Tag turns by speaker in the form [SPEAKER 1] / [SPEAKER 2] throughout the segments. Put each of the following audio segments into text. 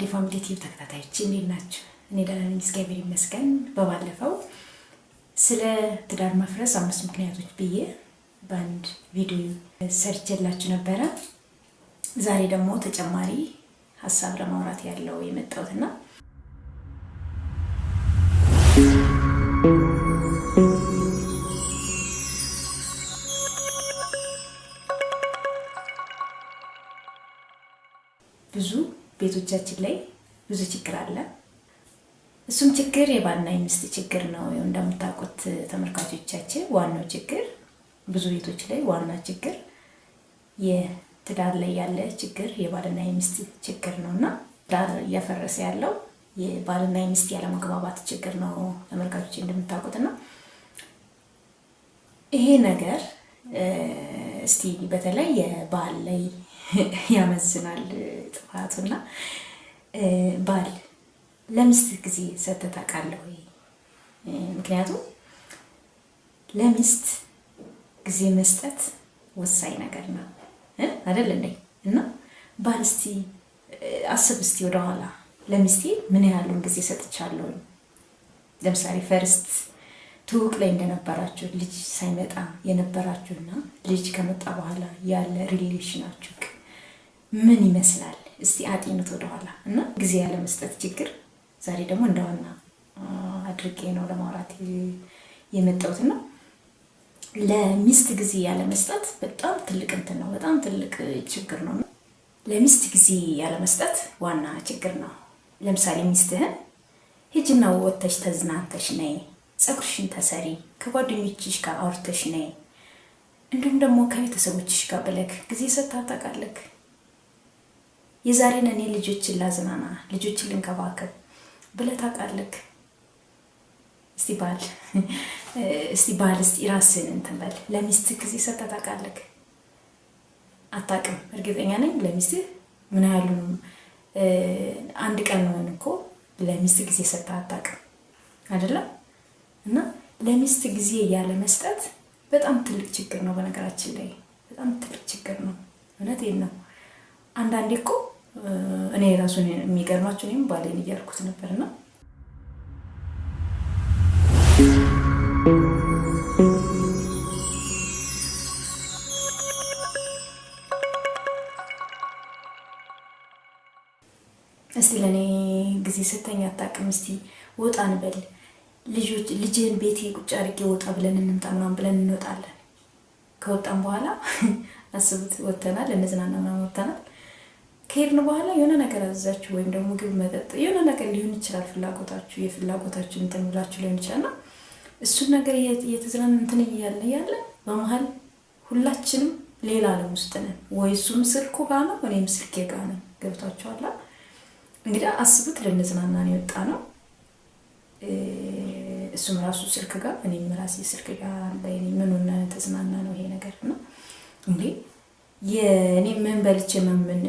[SPEAKER 1] የአዴ ፋሚሊ ቲቪ ተከታታዮች እንዴት ናችሁ? እኔ ደህና ነኝ፣ እግዚአብሔር ይመስገን። በባለፈው ስለ ትዳር መፍረስ አምስት ምክንያቶች ብዬ በአንድ ቪዲዮ ሰርቼላችሁ ነበረ። ዛሬ ደግሞ ተጨማሪ ሀሳብ ለማውራት ያለው የመጣሁት እና ቤቶቻችን ላይ ብዙ ችግር አለ። እሱም ችግር የባልና የሚስት ችግር ነው። እንደምታውቁት ተመልካቾቻችን፣ ዋናው ችግር ብዙ ቤቶች ላይ ዋና ችግር የትዳር ላይ ያለ ችግር የባልና የሚስት ችግር ነው እና ትዳር እያፈረሰ ያለው የባልና የሚስት ያለመግባባት ችግር ነው። ተመልካቾች እንደምታውቁት እና ይሄ ነገር እስቲ በተለይ የባል ላይ ያመዝናል ጥፋቱና ባል ለሚስት ጊዜ ሰጥተህ ታውቃለህ ወይ? ምክንያቱም ለሚስት ጊዜ መስጠት ወሳኝ ነገር ነው አይደል እንዴ? እና ባል እስቲ አስብ እስቲ ወደኋላ ለሚስቴ ምን ያህሉን ጊዜ ሰጥቻለሁ? ለምሳሌ ፈርስት ትውቅ ላይ እንደነበራችሁ ልጅ ሳይመጣ የነበራችሁና ልጅ ከመጣ በኋላ ያለ ሪሌሽናችሁ ምን ይመስላል? እስቲ አጤኑት ወደኋላ እና ጊዜ ያለመስጠት ችግር ዛሬ ደግሞ እንደዋና አድርጌ ነው ለማውራት የመጣሁት ነው። ለሚስት ጊዜ ያለመስጠት በጣም ትልቅ እንትን ነው፣ በጣም ትልቅ ችግር ነው። ለሚስት ጊዜ ያለመስጠት ዋና ችግር ነው። ለምሳሌ ሚስትህን ሂጂና ወጥተሽ ተዝናንተሽ ነይ፣ ፀጉርሽን ተሰሪ፣ ከጓደኞችሽ ጋር አውርተሽ ነይ፣ እንዲሁም ደግሞ ከቤተሰቦችሽ ጋር ብለክ ጊዜ ሰጥተህ ታውቃለህ? የዛሬን እኔ ልጆችን ላዝናና ልጆችን ልንከባከብ ብለህ ታውቃለህ? እስቲ ባል እስቲ ባል እስቲ ራስህን እንትን በል። ለሚስትህ ጊዜ ሰጥተህ ታውቃለህ? አታውቅም። እርግጠኛ ነኝ ለሚስትህ ምን ያሉ አንድ ቀን መሆን እኮ ለሚስት ጊዜ ሰጥተህ አታውቅም አይደለም? እና ለሚስት ጊዜ ያለ መስጠት በጣም ትልቅ ችግር ነው። በነገራችን ላይ በጣም ትልቅ ችግር ነው። እውነቴን ነው። አንዳንዴ እኮ እኔ ራሱን የሚገርማቸው ወይም ባሌን እያልኩት ነበር ነበርና እስቲ ለእኔ ጊዜ ስተኝ አታውቅም። እስቲ ወጣ እንበል ልጆች ልጅህን ቤቴ ቁጭ አድርጌ ወጣ ብለን እንምጣ ምናምን ብለን እንወጣለን። ከወጣን በኋላ አስቡት፣ ወተናል፣ እንዝናና ምናምን ወጥተናል ከሄድን በኋላ የሆነ ነገር አዘዛችሁ ወይም ደግሞ ምግብ፣ መጠጥ የሆነ ነገር ሊሆን ይችላል። ፍላጎታችሁ የፍላጎታችሁ እንትን ብላችሁ ሊሆን ይችላል እና እሱን ነገር እየተዝናን እንትን እያለ እያለ በመሀል ሁላችንም ሌላ አለም ውስጥ ነን። ወይ እሱም ስልኩ ጋር ነው፣ እኔም ስልኬ ጋር ነው። ገብቷችኋል? እንግዲህ አስቡት፣ ልንዝናና ነው የወጣ ነው። እሱም ራሱ ስልክ ጋር፣ እኔም ራሴ ስልክ ጋር። ምን ሆነ ተዝናና ነው ይሄ ነገር ነው እንዴ? የእኔ ምን በልቼ ምን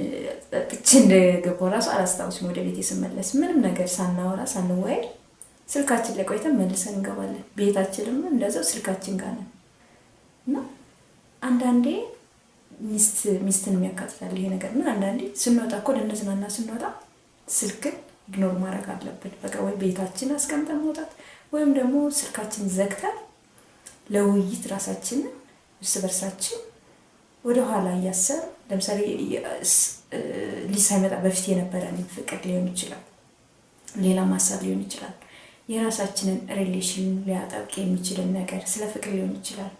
[SPEAKER 1] ጠጥቼ እንደገባሁ ራሱ አላስታውስም። ወደ ቤት ስመለስ ምንም ነገር ሳናወራ ሳንወያይ ስልካችን ላይ ቆይተን መልሰን እንገባለን። ቤታችንም እንደዛው ስልካችን ጋር ነን እና አንዳንዴ ሚስት ሚስትን የሚያካትታል ይሄ ነገር ምን አንዳንዴ ስንወጣ እኮ ለነዝናና ስንወጣ ስልክን ኢግኖር ማድረግ አለብን። በቃ ወይ ቤታችን አስቀምጠን መውጣት ወይም ደግሞ ስልካችን ዘግተን ለውይይት ራሳችንን እርስ በርሳችን ወደኋላ እያሰብ ለምሳሌ ልጅ ሳይመጣ በፊት የነበረን ፍቅር ሊሆን ይችላል፣ ሌላ ማሳብ ሊሆን ይችላል። የራሳችንን ሪሌሽን ሊያጠብቅ የሚችልን ነገር ስለ ፍቅር ሊሆን ይችላል።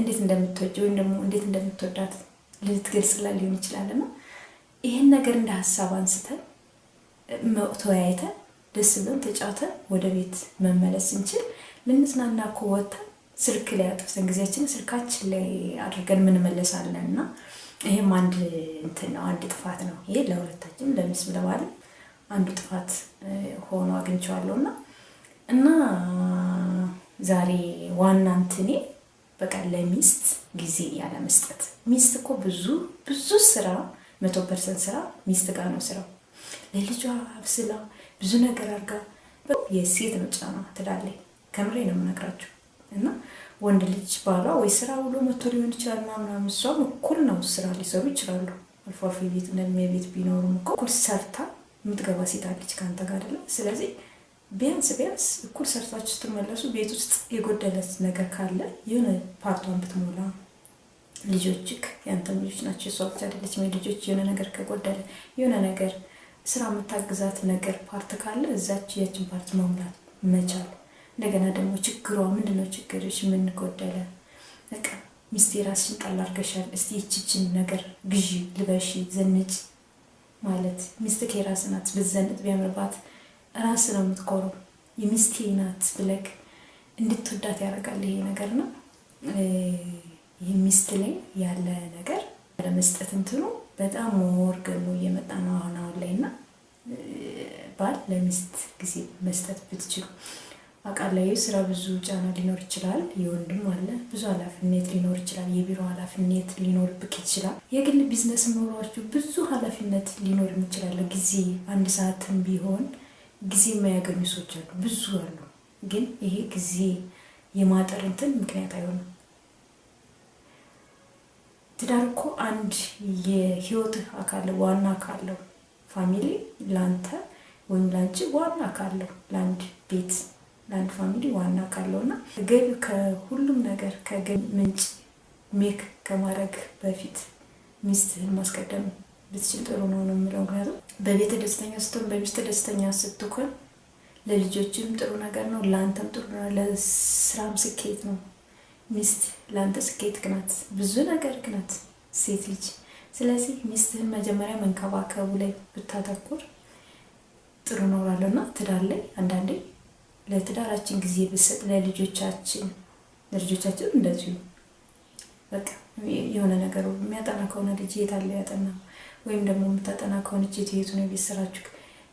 [SPEAKER 1] እንዴት እንደምትወጅ ወይም ደግሞ እንዴት እንደምትወዳት ልትገልጽላት ሊሆን ይችላል እና ይህን ነገር እንደ ሀሳብ አንስተን ተወያይተን ደስ ብሎን ተጫውተን ወደ ቤት መመለስ እንችል ልንዝናና ኮወተን ስልክ ላይ አጥፍተን ጊዜያችን ስልካችን ላይ አድርገን ምንመለሳለን እና ይህም አንድ እንትን ነው፣ አንድ ጥፋት ነው። ይሄ ለሁለታችን ለሚስም ለባልም አንዱ ጥፋት ሆኖ አግኝቼዋለሁ እና እና ዛሬ ዋና እንትኔ በቃ ለሚስት ጊዜ ያለመስጠት። ሚስት እኮ ብዙ ብዙ ስራ መቶ ፐርሰንት ስራ ሚስት ጋር ነው ስራው። ለልጇ አብስላ ብዙ ነገር አርጋ የሴት መጫና ነው ከምሬ ነው የምነግራችሁ። እና ወንድ ልጅ ባሏ ወይ ስራ ውሎ መቶ ሊሆን ይችላል ምናምናም እሷም እኩል ነው ስራ ሊሰሩ ይችላሉ። አልፎ አልፎ ቤት እንደሚያ ቤት ቢኖሩም እኮ እኩል ሰርታ የምትገባ ሴት አለች ከአንተ ጋር አይደለም። ስለዚህ ቢያንስ ቢያንስ እኩል ሰርታችሁ ስትመለሱ ቤት ውስጥ የጎደለት ነገር ካለ የሆነ ፓርቷን ብትሞላ ልጆችክ ያንተም ልጆች ናቸው። የሷ ብቻ አይደለችም። ልጆች የሆነ ነገር ከጎደለ የሆነ ነገር ስራ የምታግዛት ነገር ፓርት ካለ እዛች ያችን ፓርት መሙላት መቻል እንደገና ደግሞ ችግሯ ምንድነው? ችግሮች ምን ጎደለ? በቃ ሚስቴ ራስሽን ጣል አድርገሻል። እስቲ ይችችን ነገር ግዢ፣ ልበሺ፣ ዘንጭ ማለት ሚስት ራስናት ናት። ብዘንጥ ቢያምርባት ራስ ነው የምትኮረው። የሚስቴ ናት ብለክ እንድትወዳት ያደርጋል ይሄ ነገር ነው። የሚስት ላይ ያለ ነገር ለመስጠት እንትኑ በጣም ገሞ እየመጣ ነው አሁን አሁን ላይ እና ባል ለሚስት ጊዜ መስጠት ብትችሉ አቃላይ ስራ ብዙ ጫና ሊኖር ይችላል። የወንድም አለ ብዙ ኃላፊነት ሊኖር ይችላል። የቢሮ ኃላፊነት ብቅ ይችላል። የግል ቢዝነስ ኖሯችሁ ብዙ ኃላፊነት ሊኖር ይችላል። ጊዜ አንድ ሰዓትም ቢሆን ጊዜ የማያገኙ ሰዎች አሉ፣ ብዙ አሉ። ግን ይሄ ጊዜ የማጠር እንትን ምክንያት አይሆንም። ትዳር እኮ አንድ የህይወት አካል ዋና አካለው ፋሚሊ ለአንተ ወይም ለአንቺ ዋና አካለው ለአንድ ቤት ለአንድ ፋሚሊ ዋና ካለው እና ገቢ ከሁሉም ነገር ከገቢ ምንጭ ሜክ ከማድረግ በፊት ሚስትህን ማስቀደም ብትችል ጥሩ ነው ነው የምለው። ምክንያቱም በቤት ደስተኛ ስትሆን፣ በሚስት ደስተኛ ስትኮን ለልጆችም ጥሩ ነገር ነው፣ ለአንተም ጥሩ ነው፣ ለስራም ስኬት ነው። ሚስት ለአንተ ስኬት ግናት፣ ብዙ ነገር ግናት ሴት ልጅ። ስለዚህ ሚስትህን መጀመሪያ መንከባከቡ ላይ ብታተኩር ጥሩ ነው እላለሁ እና ትዳር ላይ አንዳንዴ ለትዳራችን ጊዜ ብሰጥ ለልጆቻችን ለልጆቻችን እንደዚሁ በቃ የሆነ ነገሩ የሚያጠና ከሆነ ልጅ የት አለ ያጠና ወይም ደግሞ የምታጠና ከሆነች የት የቱ ነው ቤት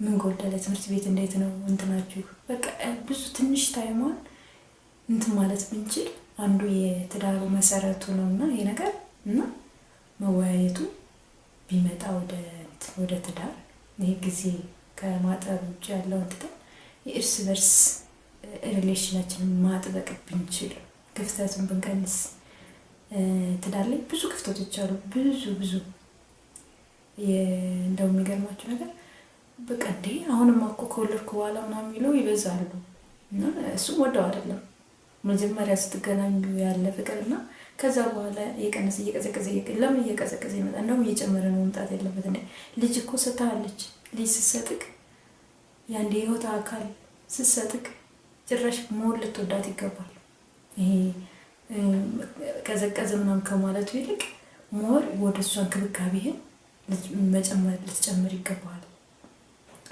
[SPEAKER 1] ምን ጎደለ ትምህርት ቤት እንዴት ነው እንትናችሁ በቃ ብዙ ትንሽ ታይሟን እንትን ማለት ብንችል አንዱ የትዳሩ መሰረቱ ነው እና ይሄ ነገር እና መወያየቱ ቢመጣ ወደ ትዳር ይሄ ጊዜ ከማጠብ ውጭ ያለው? ትተን የእርስ በርስ ሪሌሽናችን ማጥበቅ ብንችል ክፍተቱን ብንቀንስ ትዳር ላይ ብዙ ክፍተቶች አሉ። ብዙ ብዙ እንደው የሚገርማችሁ ነገር በቀደ አሁንማ አሁንም እኮ ከወለድኩ በኋላ ምናምን የሚለው ይበዛሉ እና እሱም ወደው አይደለም መጀመሪያ ስትገናኙ ያለ ፍቅር እና ከዛ በኋላ እየቀነሰ እየቀዘቀዘ ለምን እየቀዘቀዘ ይመጣ? እንደውም እየጨመረ ነው መምጣት ያለበት። ልጅ እኮ ሰታለች ልጅ ስትሰጥቅ የአንድ የህይወት አካል ስትሰጥቅ ጭራሽ መሆን ልትወዳት ይገባል። ይሄ ቀዘቀዘ ምናምን ከማለቱ ይልቅ ሞር ወደ እሷ እንክብካቤህን ልትጨምር ይገባል።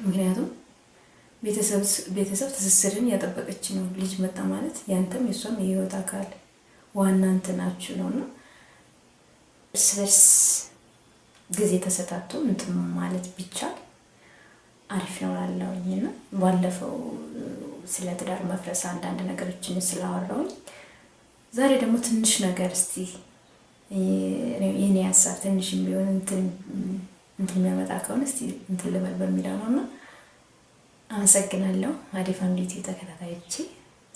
[SPEAKER 1] ምክንያቱም ቤተሰብ ትስስርን ያጠበቀች ነው። ልጅ መጣ ማለት ያንተም የእሷም የህይወት አካል ዋና እንትናችሁ ነው እና እርስ በርስ ጊዜ ተሰጣቶ እንትን ማለት ቢቻል አሪፍ ይሆናለሁኝ እና ባለፈው ስለ ትዳር መፍረስ አንዳንድ ነገሮችን ስላወራውኝ ዛሬ ደግሞ ትንሽ ነገር እስቲ የኔ ሀሳብ ትንሽ ቢሆን እንትን የሚያመጣ ከሆነ እስቲ እንትን ልበል በሚለው ነው እና አመሰግናለሁ። አዴ ፋሚሊ ቲቪ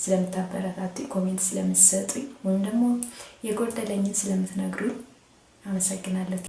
[SPEAKER 1] ስለምታበረታቱ፣ ኮሜንት ስለምትሰጡኝ ወይም ደግሞ የጎደለኝን ስለምትነግሩኝ አመሰግናለሁ።